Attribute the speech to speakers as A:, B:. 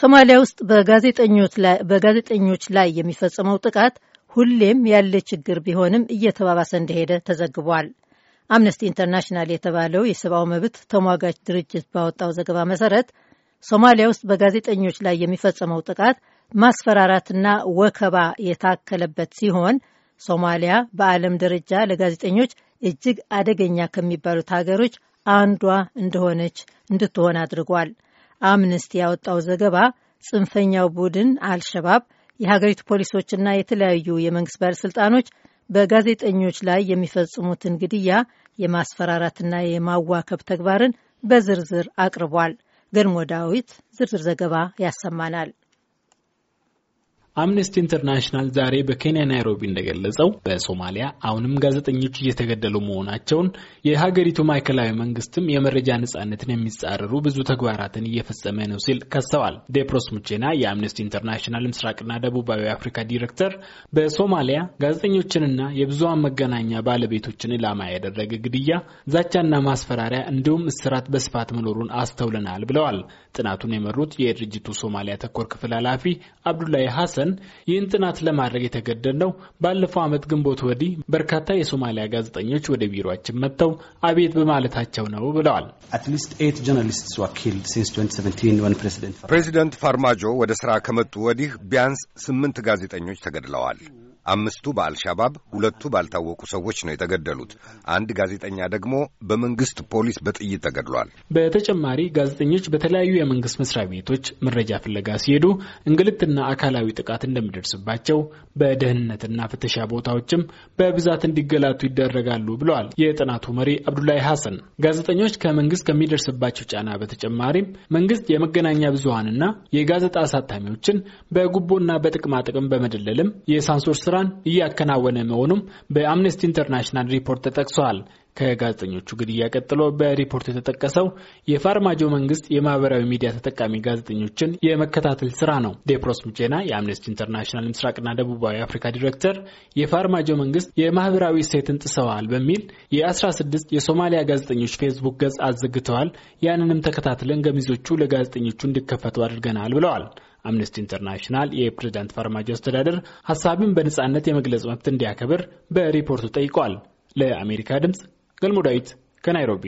A: ሶማሊያ ውስጥ በጋዜጠኞች ላይ የሚፈጽመው ጥቃት ሁሌም ያለ ችግር ቢሆንም እየተባባሰ እንደሄደ ተዘግቧል። አምነስቲ ኢንተርናሽናል የተባለው የሰብአዊ መብት ተሟጋች ድርጅት ባወጣው ዘገባ መሰረት ሶማሊያ ውስጥ በጋዜጠኞች ላይ የሚፈጸመው ጥቃት ማስፈራራትና ወከባ የታከለበት ሲሆን ሶማሊያ በዓለም ደረጃ ለጋዜጠኞች እጅግ አደገኛ ከሚባሉት ሀገሮች አንዷ እንደሆነች እንድትሆን አድርጓል። አምነስቲ ያወጣው ዘገባ ጽንፈኛው ቡድን አልሸባብ የሀገሪቱ ፖሊሶችና የተለያዩ የመንግስት ባለሥልጣኖች በጋዜጠኞች ላይ የሚፈጽሙትን ግድያ፣ የማስፈራራትና የማዋከብ ተግባርን በዝርዝር አቅርቧል። ገድሞ ዳዊት ዝርዝር ዘገባ ያሰማናል።
B: አምነስቲ ኢንተርናሽናል ዛሬ በኬንያ ናይሮቢ እንደገለጸው በሶማሊያ አሁንም ጋዜጠኞች እየተገደሉ መሆናቸውን፣ የሀገሪቱ ማዕከላዊ መንግስትም የመረጃ ነጻነትን የሚጻረሩ ብዙ ተግባራትን እየፈጸመ ነው ሲል ከሰዋል። ዴፕሮስ ሙቼና የአምነስቲ ኢንተርናሽናል ምስራቅና ደቡባዊ አፍሪካ ዲሬክተር በሶማሊያ ጋዜጠኞችንና የብዙሀን መገናኛ ባለቤቶችን ኢላማ ያደረገ ግድያ፣ ዛቻና ማስፈራሪያ እንዲሁም እስራት በስፋት መኖሩን አስተውለናል ብለዋል። ጥናቱን የመሩት የድርጅቱ ሶማሊያ ተኮር ክፍል ኃላፊ አብዱላይ ሀሰን ተነስተን ይህን ጥናት ለማድረግ የተገደድነው ባለፈው ዓመት ግንቦት ወዲህ በርካታ የሶማሊያ ጋዜጠኞች ወደ ቢሮችን መጥተው አቤት በማለታቸው ነው ብለዋል።
C: ፕሬዚደንት ፋርማጆ ወደ ስራ ከመጡ ወዲህ ቢያንስ ስምንት ጋዜጠኞች ተገድለዋል። አምስቱ በአልሻባብ ሁለቱ ባልታወቁ ሰዎች ነው የተገደሉት። አንድ ጋዜጠኛ ደግሞ በመንግስት ፖሊስ በጥይት ተገድሏል።
B: በተጨማሪ ጋዜጠኞች በተለያዩ የመንግስት መስሪያ ቤቶች መረጃ ፍለጋ ሲሄዱ እንግልትና አካላዊ ጥቃት እንደሚደርስባቸው፣ በደህንነትና ፍተሻ ቦታዎችም በብዛት እንዲገላቱ ይደረጋሉ ብለዋል የጥናቱ መሪ አብዱላይ ሐሰን። ጋዜጠኞች ከመንግስት ከሚደርስባቸው ጫና በተጨማሪም መንግስት የመገናኛ ብዙሀንና የጋዜጣ አሳታሚዎችን በጉቦና በጥቅማጥቅም በመደለልም የሳንሶር ስራ ስራን እያከናወነ መሆኑም በአምነስቲ ኢንተርናሽናል ሪፖርት ተጠቅሷል። ከጋዜጠኞቹ ግድያ ቀጥሎ በሪፖርቱ የተጠቀሰው የፋርማጆ መንግስት የማህበራዊ ሚዲያ ተጠቃሚ ጋዜጠኞችን የመከታተል ስራ ነው። ዴፕሮስ ሙጬና የአምነስቲ ኢንተርናሽናል ምስራቅና ደቡባዊ አፍሪካ ዲሬክተር የፋርማጆ መንግስት የማህበራዊ እሴትን ጥሰዋል በሚል የ16 የሶማሊያ ጋዜጠኞች ፌስቡክ ገጽ አዘግተዋል። ያንንም ተከታትለን ገሚዞቹ ለጋዜጠኞቹ እንዲከፈቱ አድርገናል ብለዋል። አምነስቲ ኢንተርናሽናል የፕሬዝዳንት ፋርማጆ አስተዳደር ሀሳብን በነጻነት የመግለጽ መብት እንዲያከብር በሪፖርቱ ጠይቋል። ለአሜሪካ ድምፅ ገልሞ ዳዊት ከናይሮቢ